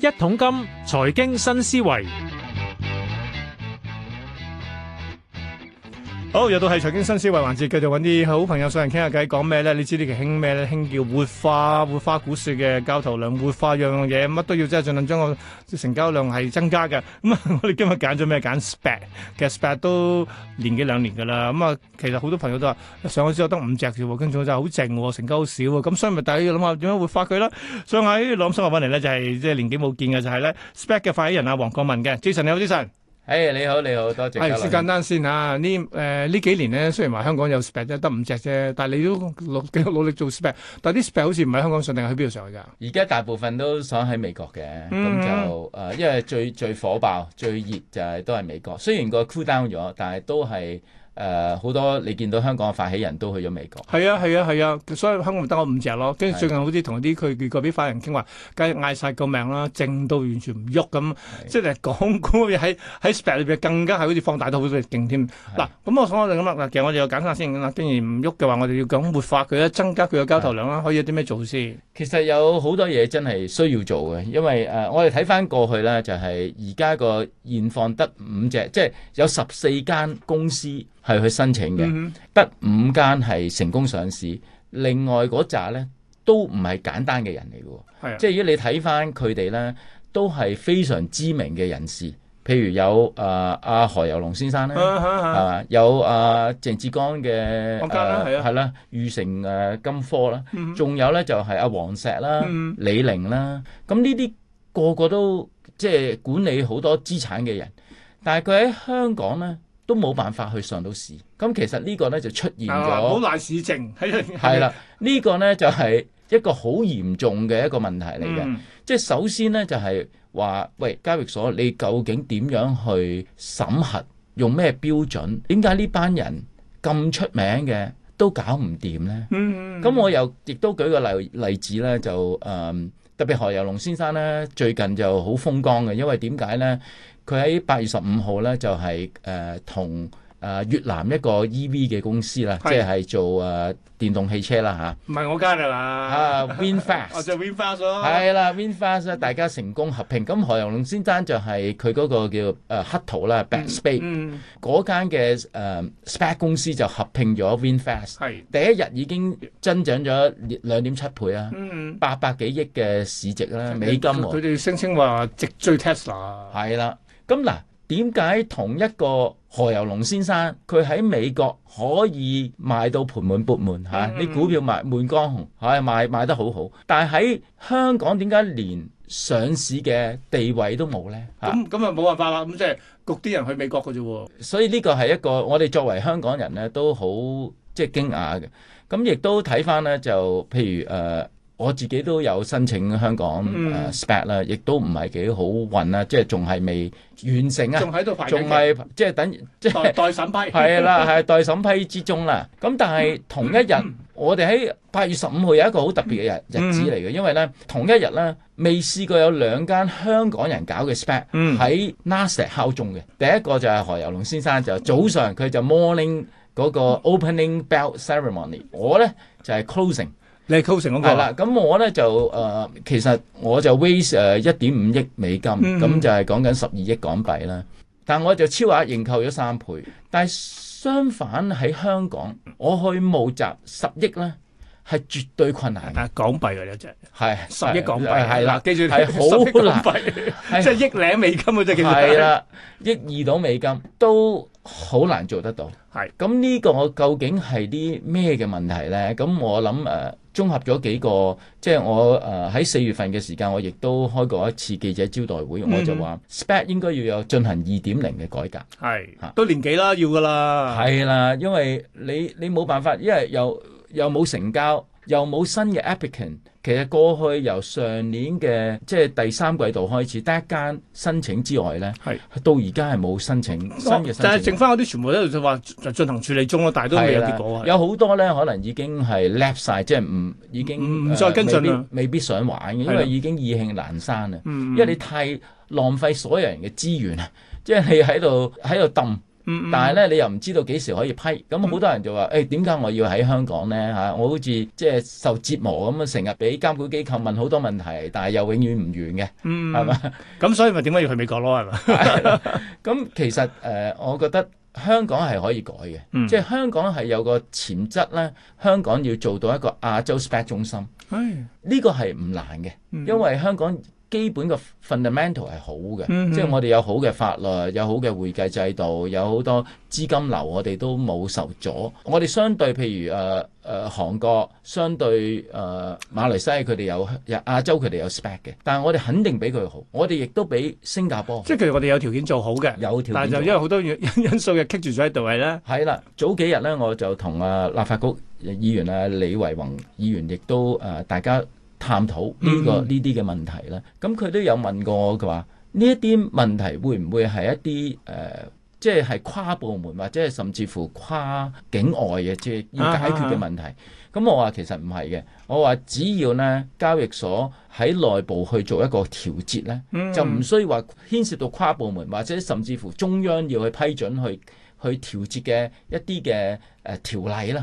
一桶金，財經新思維。好，又到係財經新思維環節，繼續揾啲好朋友上嚟傾下偈，講咩呢？你知呢期興咩呢？興叫活化，活化股市嘅交投量，活化樣樣嘢，乜都要即係盡量將個成交量係增加嘅。咁、嗯、我哋今日揀咗咩？揀誒、hey, 你好，你好，多謝。係，先簡單先啊！呢誒呢幾年咧，雖然話香港有 SPAC 得五隻啫，但係你都努繼續努力做 SPAC 但係啲 SPAC 好似唔喺香港上定係喺邊度上去㗎？而家大部分都想喺美國嘅，咁、嗯、就誒、呃，因為最最火爆、最熱就係都係美國。雖然個 cool down 咗，但係都係。誒好、uh, 多你見到香港嘅發起人都去咗美國，係啊係啊係啊，所以香港得我五隻咯。跟住最近好似同啲佢個啲發起人傾話，梗嗌晒個命啦，靜到完全唔喐咁，即係講股嘢喺喺 s, 是 S、那個、p 裏邊更加係好似放大到好勁添。嗱咁是、嗯、我想講就咁啦，其實我哋又揀下先啦，既然唔喐嘅話，我哋要咁活化佢啦，增加佢嘅交投量啦，是可以有啲咩做先？其實有好多嘢真係需要做嘅，因為誒、呃、我哋睇翻過去咧，就係而家個現況得五隻，即係有十四間公司。係去申請嘅，得、mm hmm. 五間係成功上市，另外嗰紮呢，都唔係簡單嘅人嚟嘅，的即係如果你睇翻佢哋呢，都係非常知名嘅人士，譬如有、呃、啊阿何猷龍先生咧，有阿鄭志剛嘅，係啦、啊，裕成金科啦，仲有呢就係阿王石啦、李寧啦、啊，咁呢啲個個都即係管理好多資產嘅人，但係佢喺香港呢。都冇辦法去上到市，咁其實呢個呢，就出現咗好難事情。係 啦，呢、這個呢，就係、是、一個好嚴重嘅一個問題嚟嘅。嗯、即係首先呢，就係、是、話，喂，交易所，你究竟點樣去審核？用咩標準？點解呢班人咁出名嘅都搞唔掂呢？嗯嗯，咁我又亦都舉個例例子呢，就誒、呃、特別何猷龍先生呢，最近就好風光嘅，因為點解呢？佢喺八月十五號咧就係誒同誒越南一個 EV 嘅公司啦，即係做誒電動汽車啦吓，唔係我間係嘛？啊 VinFast 就 VinFast 咯。係啦 VinFast 大家成功合併。咁何猷龍先生就係佢嗰個叫誒黑桃啦，Black Spade 嗰間嘅誒 SPAC 公司就合併咗 VinFast 係第一日已經增長咗兩點七倍啊！八百幾億嘅市值啦，美金。佢哋聲稱話直追 Tesla。係啦。咁嗱，點解，啊、同一個何猷龍先生佢喺美國可以賣到盆滿缽滿嚇，啲，啊嗯、股票賣滿江紅，係，啊、賣賣得好好，但係喺香港點解連上市嘅地位都冇呢？咁咁啊冇辦法啦，咁即係焗啲人去美國嘅啫，啊。所以呢個係一個我哋作為香港人呢都好即係驚訝嘅。咁亦都睇翻呢，就譬如誒。呃我自己都有申請香港誒 SPAC 啦，亦都唔係幾好運啊，即係仲係未完成啊，仲喺度排緊，仲係即係等即係待審批，係啦，係待審批之中啦。咁但係同一日，我哋喺八月十五號有一個好特別嘅日日子嚟嘅，因為咧同一日咧未試過有兩間香港人搞嘅 SPAC 喺 Nasdaq 敲鐘嘅。第一個就係何猷龍先生，就早上佢就 morning 嗰個 opening bell ceremony，我咧就係 closing。你係構成嗰個係啦，咁我咧就誒，其實我就 raise 誒一點五億美金，咁就係講緊十二億港幣啦。但我就超額認購咗三倍。但係相反喺香港，我去募集十億咧，係絕對困難。係港幣嘅啲啫，係十億港幣係啦，記住係好難，即係億零美金啊！真係幾係啦，億二到美金都。好難做得到。係，咁呢個究竟係啲咩嘅問題呢？咁我諗誒綜合咗幾個，即係我誒喺四月份嘅時間，我亦都開過一次記者招待會，嗯、我就話 SPAC 應該要有進行二點零嘅改革。係是、啊、都年幾啦年紀，要噶啦。係啦，因為你你冇辦法，因為又又冇成交。又冇新嘅 applicant，其實過去由上年嘅即係第三季度開始，得一間申請之外咧，是到而家係冇申請、啊、新嘅申請，但係剩翻嗰啲全部喺度就話就進行處理中咯，但係都未有結果啊。有好多咧，可能已經係 lap 晒，即係唔已經唔再跟進啦、呃。未必想玩嘅，因為已經意興闌珊啦。的因為你太浪費所有人嘅資源啊、嗯嗯，即係你喺度喺度揼。嗯、但係咧，你又唔知道幾時可以批，咁好多人就話，誒點解我要喺香港呢？嚇，我好似即係受折磨咁啊，成日俾監管機構問好多問題，但係又永遠唔完嘅，係嘛、嗯？咁吧、嗯、所以咪點解要去美國咯？係咪？咁 其實誒，我覺得香港係可以改嘅，嗯、即係香港係有個潛質呢。香港要做到一個亞洲 Spec 中心，呢唉個係唔難嘅，因為香港。基本嘅 fundamental 係好嘅。嗯嗯，即係我哋有好嘅法律，有好嘅會計制度，有好多資金流，我哋都冇受阻。我哋相對譬如誒誒、呃呃、韓國相對誒、呃、馬來西亞佢哋有亞洲，佢哋有 spec 嘅，但係我哋肯定比佢好。我哋亦都比新加坡，即係其實我哋有條件做好嘅，有條件做好，但係就因為好多因素嘅棘住咗喺度，係咧。係啦，早幾日咧，我就同啊立法局議員啊李惟宏議員亦都誒、呃、大家。探討呢、呢個呢啲嘅問題啦，咁佢、嗯、都有問過我，佢話呢一啲問題會唔會係一啲誒，即係係跨部門或者係甚至乎跨境外嘅，即、就、係、係、要解決嘅問題。咁、啊、我話其實唔係嘅，我話只要呢交易所喺內部去做一個調節咧，嗯、就唔需要話牽涉到跨部門或者甚至乎中央要去批准去去調節嘅一啲嘅誒條例啦。咁、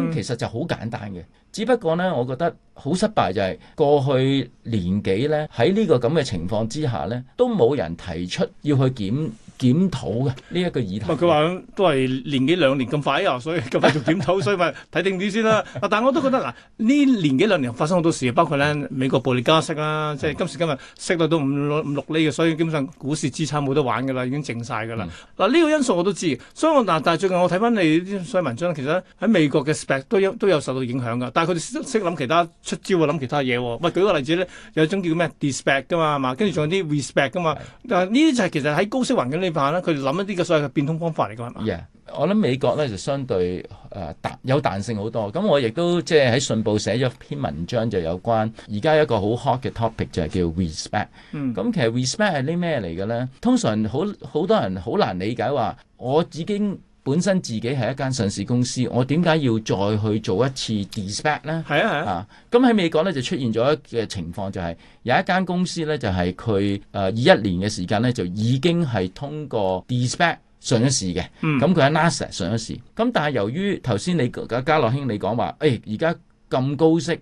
嗯、其實就好簡單嘅。只不過呢，我覺得好失敗就係過去年幾呢，喺呢個咁嘅情況之下呢都冇人提出要去檢。檢討嘅呢一個議題，佢話都係年幾兩年咁快又、啊，所以咁快做檢討， 所以咪睇定啲先啦。但係我都覺得嗱，呢、啊、年幾兩年發生好多事，包括咧美國暴力加息啦、啊，即係今時今日息到都五五六厘嘅，所以基本上股市資產冇得玩㗎啦，已經靜晒㗎啦。嗱呢、嗯啊這個因素我都知，所以我嗱、啊，但係最近我睇翻你啲相關文章，其實喺美國嘅 spec 都有都有受到影響㗎，但係佢哋識諗其他出招，會諗其他嘢喎。咪舉個例子咧，有一種叫咩 de spec 㗎嘛，係嘛，跟住仲有啲 respect 㗎嘛。嗱呢啲就係其實喺高息環境佢哋諗一啲嘅所謂嘅變通方法嚟㗎，係嘛？係啊，我諗美國呢就相對誒彈、呃、有彈性好多。咁我亦都即係喺信報寫咗篇文章，就有關而家一個好 hot 嘅 topic 就係叫 respect。嗯。咁其實 respect 係啲咩嚟嘅呢？通常好好多人好難理解話，我已經。本身自己係一間上市公司，我點解要再去做一次 de-SPAC 呢？係啊係啊，咁喺、啊、美國呢，就出現咗一個情況，就是，就係有一間公司呢，就係佢誒以一年嘅時間呢，就已經係通過 de-SPAC 上咗市嘅，咁佢喺 Nasdaq 上咗市。咁但係由於頭先你嘅嘉樂兄你講話，誒而家咁高息。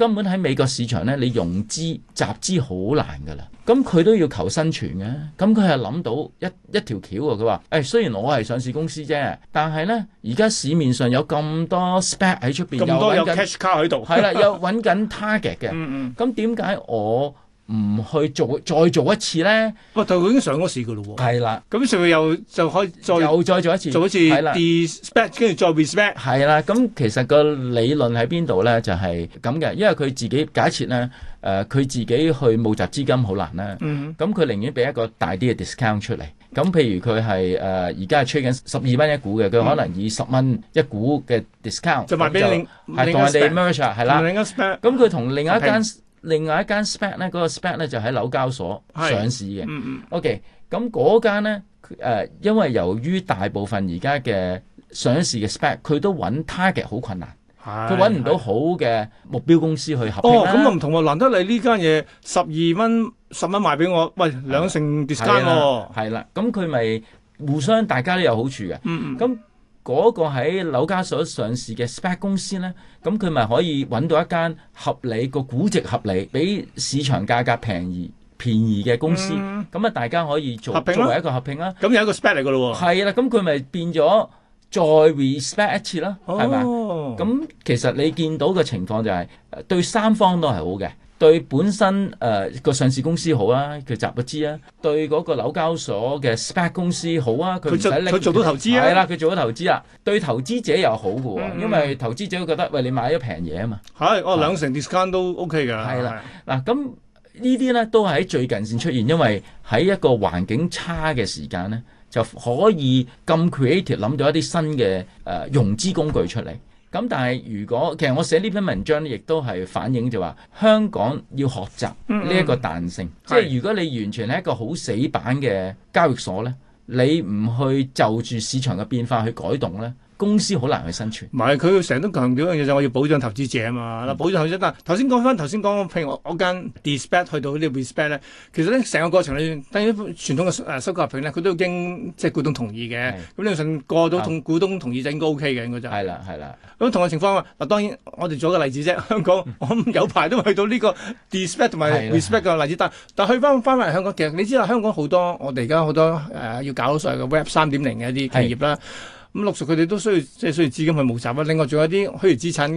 根本喺美國市場咧，你融資集資好難噶啦。咁佢都要求生存嘅，咁佢係諗到一一條橋啊。佢話：誒、哎，雖然我係上市公司啫，但係咧，而家市面上有咁多 SPAC 喺出邊，咁多有 cash card 喺度，係啦在，有揾緊 target 嘅。咁點解我？唔去做再做一次咧，哇！就已經上咗市嘅咯喎，係啦，咁佢又就可再又再做一次，做一次 despect，跟住再 respect，係啦。咁其實個理論喺邊度咧？就係咁嘅，因為佢自己假設咧，誒佢自己去募集資金好難啦，咁佢寧願俾一個大啲嘅 discount 出嚟。咁譬如佢係誒而家係出緊十二蚊一股嘅，佢可能以十蚊一股嘅 discount 就賣俾另另外一間，係啦，咁佢同另一間。另外一間 SPAC 咧，嗰、那個 SPAC 咧就喺、是、紐交所上市嘅。是 O.K. 咁嗰間咧，誒、呃，因為由於大部分而家嘅上市嘅 SPAC，佢都揾 target 好困難，佢揾唔到好嘅目標公司去合作。哦，咁、哦、啊唔同喎，難得你呢間嘢十二蚊十蚊賣俾我，喂兩成 discount 係、啊、啦，咁佢咪互相大家都有好處嘅。嗯嗯。嗰個喺紐交所上市嘅 SPAC 公司呢，咁佢咪可以揾到一間合理、個估值合理，比市場價格便宜便宜嘅公司，咁啊、嗯、大家可以做合作為一個合併啦。咁有一個 SPAC 嚟噶咯喎。係啦，咁佢咪變咗再 respect 一次啦，係咪啊？咁、哦、其實你見到嘅情況就係、是、對三方都係好嘅。對本身誒、呃那個上市公司好啊，佢集到資啊；對嗰個紐交所嘅 SPAC 公司好啊，佢佢做到投資啊，係啦，佢做到投資啦。對投資者又好嘅喎、啊，嗯嗯，因為投資者覺得喂，你買咗平嘢啊嘛，係哦，兩成 discount 都 OK 嘅。係啦、啊，嗱咁、啊、呢啲咧都係喺最近先出現，因為喺一個環境差嘅時間咧，就可以咁 creative 諗到一啲新嘅誒、呃、融資工具出嚟。咁但係如果，其實我寫呢篇文章亦都係反映，就話香港要學習呢一個彈性，嗯、即係如果你完全係一個好死板嘅交易所呢，你唔去就住市場嘅變化去改動呢。公司好難去生存。唔係，佢成日都強調一樣嘢，就係我要保障投資者啊嘛。嗱、嗯，保障投資者。但頭先講，翻頭先講，譬如我間 despect 去到個 respect 呢 respect 咧，其實咧成個過程你當然傳統嘅收收購合併佢都要經即係股東同意嘅。咁是、嗯、你順過到同、啊、股東同意就應該 OK 嘅，應該就係。係啦，係啦。咁同個情況，嗱當然我哋做一個例子啫。香港 我有排都有去到呢個 despect 同埋 respect 嘅例子，的的但但去翻翻翻嚟香港，其實你知道香港好多我哋而家好多誒、呃、要搞咗上個 Web 三點零嘅一啲企業啦。的 咁陸續佢哋都需要即係需要資金去募集啦。另外仲有啲虛擬資產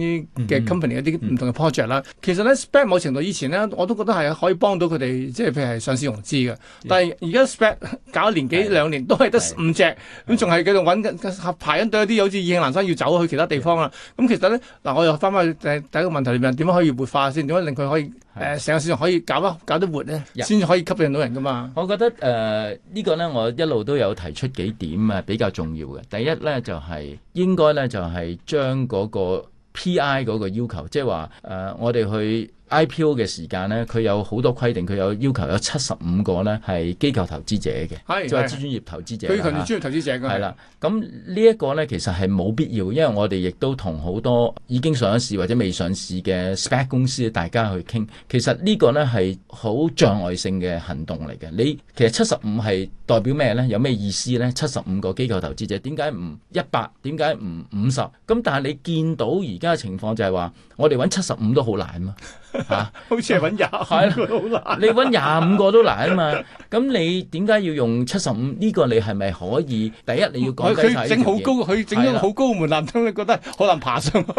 嘅 company 一啲唔同嘅 project 啦。其實咧，SPAC 某程度以前咧，我都覺得係可以幫到佢哋，即係譬如係上市融資嘅。但係而家 SPAC 搞咗年幾兩年都係得五隻，咁仲係繼續揾緊，排緊隊一啲好似應蘭生要走去其他地方啦。咁其實咧，嗱我又翻翻去第一個問題入面，點樣可以活化先？點樣令佢可以？誒成、呃、個市場可以搞咯，搞得活呢，先 Yeah. 可以吸引到人噶嘛。我覺得誒呢、呃這個呢，我一路都有提出幾點啊，比較重要嘅。第一呢，就係、是、應該呢，就係將嗰個 PI 嗰個要求，即係話誒我哋去。IPO 嘅時間呢，佢有好多規定，佢有要求有七十五個咧係機構投資者嘅，即係專業投資者。佢要求專業投資者嘅係啦。咁呢一個呢，其實係冇必要，因為我哋亦都同好多已經上市或者未上市嘅 SPAC 公司，大家去傾。其實呢個呢，係好障礙性嘅行動嚟嘅。你其實七十五係代表咩呢？有咩意思呢？七十五個機構投資者，點解唔一百？點解唔五十？咁但係你見到而家嘅情況就係話，我哋揾七十五都好難啊。 吓，啊、好似係搵廿，係啦，好難、啊。 你搵廿五個都難啊嘛，咁你點解要用七十五？呢個你係咪可以？第一你要降整好高，佢整咗好高門檻，你覺得好難爬上去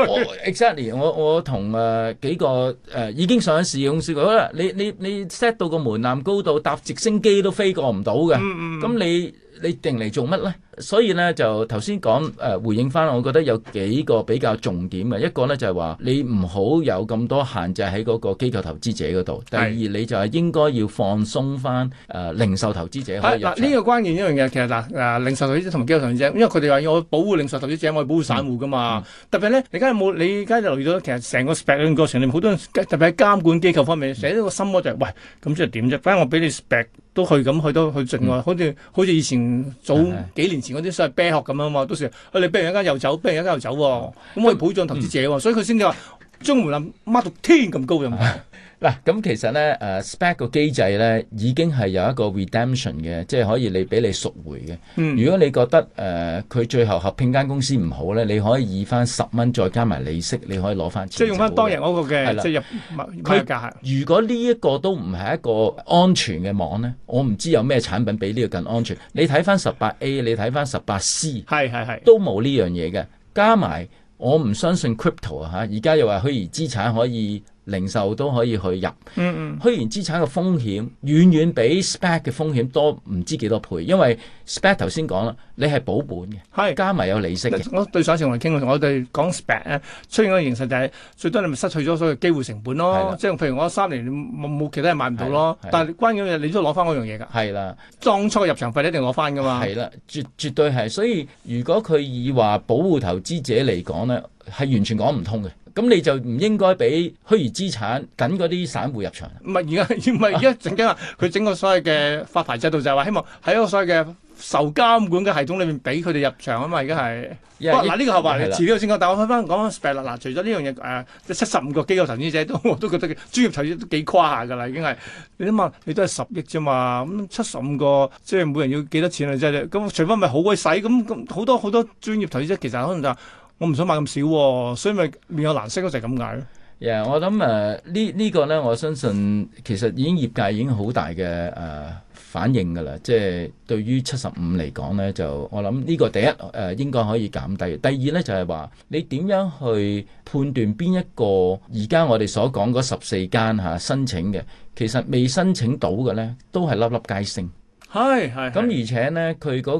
？Exactly，我我同誒、呃、幾個誒、呃、已經上緊事業公司，啦，你你你 set 到個門檻高度，搭直升機都飛過唔到嘅。嗯咁、嗯、你？你定嚟做乜咧？所以咧就頭先講誒，回應翻，我覺得有幾個比較重點嘅。一個咧就係、是、話你唔好有咁多限制喺嗰個機構投資者嗰度。第二是你就係應該要放鬆翻誒零售投資者。嗱、啊，呢、這個關鍵一樣嘢，其實嗱誒、呃、零售投資者同埋機構投資者，因為佢哋話要保護零售投資者，我係保護散戶噶嘛。嗯、特別咧，你而家有冇？你而家就留意到其實成個 spec 嘅過程裏面好多，人，特別係監管機構方面，寫咗個心態就係、是、喂，咁即係點啫？反正我俾你，你 spec。都去咁去到去境外、嗯，好似好似以前早是是幾年前嗰啲所謂啤殼咁樣嘛，都算、啊。你哋逼完一間又走，逼完一間又走喎、啊，嗯、可以保障投資者喎、啊，所以佢先至話將門檻掹到天咁高嘅。啊。咁、啊、其實呢誒、啊、SPAC 個機制呢已經係有一個 redemption 嘅，即係可以你俾你贖回嘅。嗯、如果你覺得誒佢、呃、最後合併間公司唔好呢，你可以以翻十蚊，再加埋利息，你可以攞翻錢。即係用翻當日嗰個嘅，的即係入佢價。如果呢一個都唔係一個安全嘅網呢，我唔知有咩產品比呢個更安全。你睇翻十八 A，你睇翻十八 C，都冇呢樣嘢嘅。加埋我唔相信 crypto 啊嚇，而家又話虛擬資產可以。零售都可以去入，虛擬、嗯嗯、資產嘅風險遠遠比 SPAC 嘅風險多唔知幾多倍，因為 SPAC 頭先講啦，你係保本嘅，是加埋有利息嘅。我對上一次我哋傾，我哋講 SPAC 咧，最緊要形式就係最多你咪失去咗所以有機會成本咯，即係的譬如我三年冇冇其他嘢買唔到咯，但係關嗰樣嘢你都攞翻嗰樣嘢㗎。係啦的，當初入場費你一定攞翻㗎嘛。係啦，絕絕對係，所以如果佢以話保護投資者嚟講咧，係完全講唔通嘅。咁你就唔應該俾虛擬資產緊嗰啲散戶入場。唔係而家，唔係而家，陣間話佢整個所謂嘅發牌制度就係話希望喺一個所謂嘅受監管嘅系統裏面俾佢哋入場啊嘛，而家係。嗱呢 Yeah, 個後話，你自己先講。Yeah, 但我開翻講，嗱除咗呢樣嘢，誒、呃，七十五個機構投資者都我都覺得專業投資者都幾誇下㗎啦，已經係。你諗下，你都係十億啫嘛，咁七十五個，即係每人要幾多錢啊？即係，咁除非唔係好鬼使，咁咁好多好多專業投資者其實可能就。我唔想買咁少，哦，所以咪面有難色咯，就咁解咯。我諗誒，這個，呢呢個咧，我相信其實已經業界已經好大嘅誒、呃、反應噶啦。即、就、係、是、對於七十五嚟講呢，就我諗呢個第一誒、呃，應該可以減低。第二呢，就係話，你點樣去判斷邊一個而家我哋所講嗰十四間吓、啊、申請嘅，其實未申請到嘅呢，都係粒粒皆星。係係，咁、嗯、而且呢，佢嗰、嗰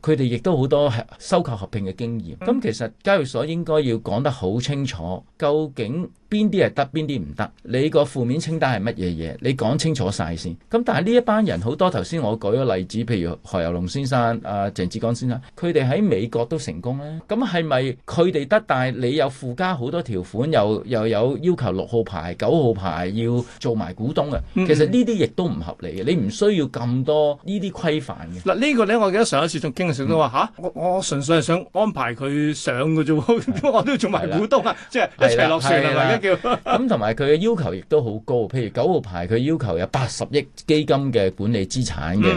個佢哋亦都好多係收購合併嘅經驗。咁、嗯、其實交易所應該要講得好清楚，究竟邊啲係得，邊啲唔得？你個負面清單係乜嘢嘢？你講清楚晒先。咁但係呢一班人好多頭先我舉咗例子，譬如何猷龍先生、阿鄭志剛先生，佢哋喺美國都成功呢。咁係咪佢哋得？但係你又附加好多條款，又又有要求六號牌、九號牌要做埋股東嘅。嗯、其實呢啲亦都唔合理嘅。你唔需要咁多。呢啲規範嘅嗱，個呢個咧，我記得上一次仲經常都話吓、嗯啊，我我純粹係想安排佢上嘅啫，的 我都做埋股東啊，的即係一齊落船啊，而家叫咁，同埋佢嘅要求亦都好高，譬如九號牌佢要求有八十億基金嘅管理資產嘅，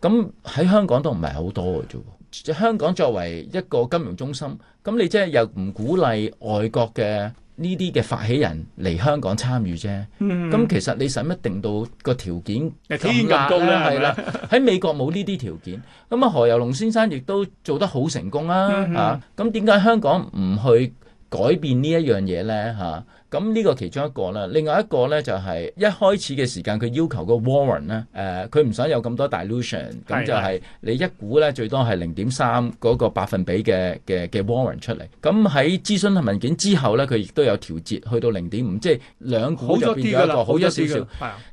咁喺、嗯、香港都唔係好多嘅啫。香港作為一個金融中心，咁你即係又唔鼓勵外國嘅。呢啲嘅發起人嚟香港參與啫，咁、嗯、其實你使乜定到個條件咁高咧？係啦，喺美國冇呢啲條件，咁啊何猷龍先生亦都做得好成功啊嚇，咁點解香港唔去改變呢一樣嘢呢？嚇、啊？咁呢個其中一個啦，另外一個呢就係、是、一開始嘅時間佢要求個 warrant 呢、呃，誒佢唔想有咁多 dilution，咁的就係你一股呢，最多係零點三嗰個百分比嘅嘅嘅 warrant 出嚟。咁喺諮詢文件之後呢，佢亦都有調節去到零點五，即係兩股入邊有一個好一少少。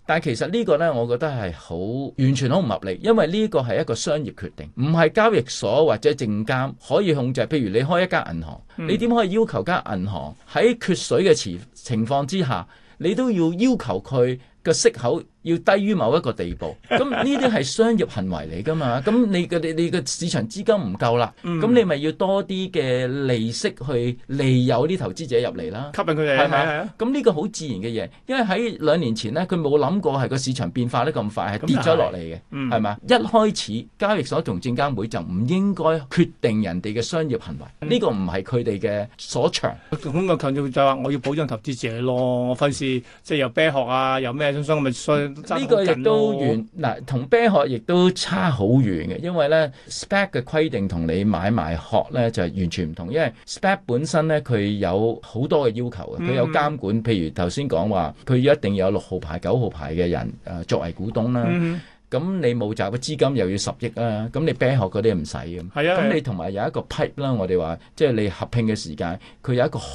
但係其實呢個呢，我覺得係好完全好唔合理，因為呢個係一個商業決定，唔係交易所或者證監可以控制。譬如你開一間銀行，嗯、你點可以要求間銀行喺缺水嘅池情況之下，你都要要求佢嘅息口。要低於某一個地步，咁呢啲係商業行為嚟㗎嘛？咁你嘅你你嘅市場資金唔夠啦，咁、嗯、你咪要多啲嘅利息去利誘啲投資者入嚟啦，吸引佢哋係嘛？咁呢吧個好自然嘅嘢，因為喺兩年前咧，佢冇諗過係個市場變化得咁快，係跌咗落嚟嘅，係嘛、嗯？一開始交易所同證監會就唔應該決定人哋嘅商業行為，呢、嗯、個唔係佢哋嘅所長。咁啊就話我要保障投資者咯，我費事即係有啤學啊有咩，咁咪衰。 呢個亦都遠嗱，同 啤殼亦都差好遠嘅，因為呢 SPAC 嘅規定同你買賣殼呢就係完全唔同，因為 SPAC 本身呢，佢有好多嘅要求啊，佢有監管，嗯、譬如頭先講話，佢一定要有六號牌、九號牌嘅人誒、呃、作為股東啦。嗯咁你募集嘅資金又要十億啦，咁你 bank 學嗰啲唔使啊！咁你同埋、啊啊、有一個 PIPE 啦，我哋話即係你合併嘅時間，佢有一個好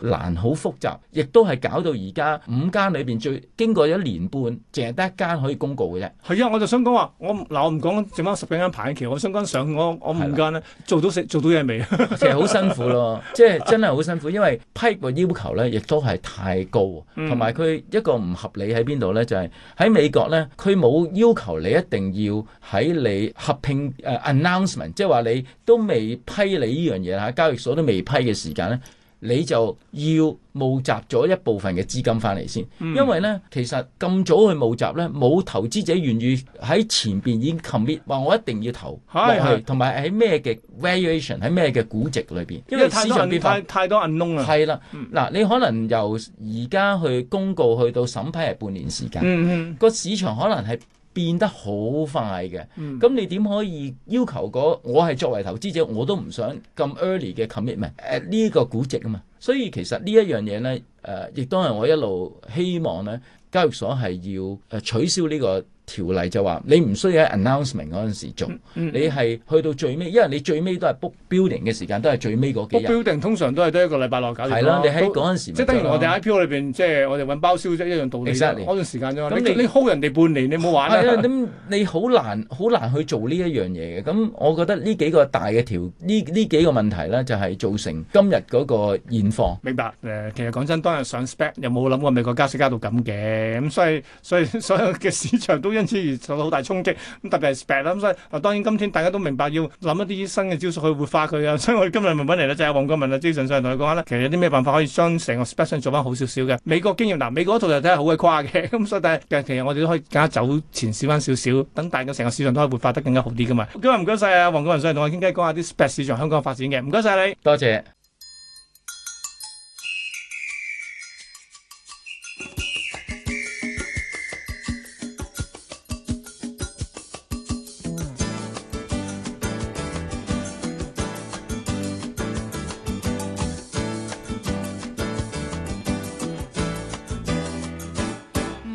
難、好複雜，亦都係搞到而家五間裏邊最經過一年半，淨係得一間可以公告嘅啫。係啊，我就想講話，我嗱我唔講剩翻十幾間排期，我想講上我我五間咧、啊、做到成做到嘢未？ 其實好辛苦咯，即係真係好辛苦，因為 PIPE 嘅要求咧亦都係太高，同埋佢一個唔合理喺邊度咧，就係喺美國咧，佢冇要求。求你一定要喺你合併誒、uh, announcement，即係話你都未批你呢樣嘢嚇，交易所都未批嘅時間咧，你就要募集咗一部分嘅資金翻嚟先，嗯、因為咧其實咁早去募集咧，冇投資者願意喺前邊已經 commit 話我一定要投落是去，同埋喺咩嘅 valuation 喺咩嘅估值裏邊，因為市場變太太多 uncle 啦，係啦的，嗱、嗯、你可能由而家去公告去到審批係半年時間，個、嗯、哼市場可能係，變得好快嘅，咁、嗯、你點可以要求嗰、那個？我係作為投資者，我都唔想咁 early 嘅 commitment，誒呢個估值啊嘛。所以其實一呢一樣嘢咧，誒、呃、亦都係我一路希望咧，交易所係要誒、呃、取消呢、這個。條例就話你唔需要喺 announcement 嗰陣時做，你係去到最尾，因為你最尾都係 book building 嘅時間，都係最尾嗰幾日。book building 通常都係得一個禮拜內搞掂。係啦，你喺嗰陣時即係等於我哋 IPO 裏邊，即係我哋揾包銷啫，一樣道理嗰段時間啫嘛。咁你你 hold 人哋半年，你冇玩啊？係啊，你你好難好難去做呢一樣嘢嘅。咁我覺得呢幾個大嘅條呢呢幾個問題咧，就係造成今日嗰個現況。明白誒？其實講真，當日上 spec 又冇諗過美國加息加到咁嘅，咁所以所以所有嘅市場都因此而受到好大衝擊，咁特別係 SPAC 啦，咁所以當然今天大家都明白要諗一啲新嘅招數去活化佢啊。所以我哋今日問翻嚟咧，就係黃國文啊，Jason 上同台講下咧，其實有啲咩辦法可以將成個 SPAC 上做翻好少少嘅美國經驗嗱、啊，美國嗰套就睇係好鬼誇嘅，咁所以但係其實我哋都可以更加走前少翻少少，等大家成個市場都可以活化得更加好啲噶嘛。今日唔該晒啊，黃國文上嚟同我傾偈講下啲 SPAC 市場香港嘅發展嘅，唔該晒你，多謝。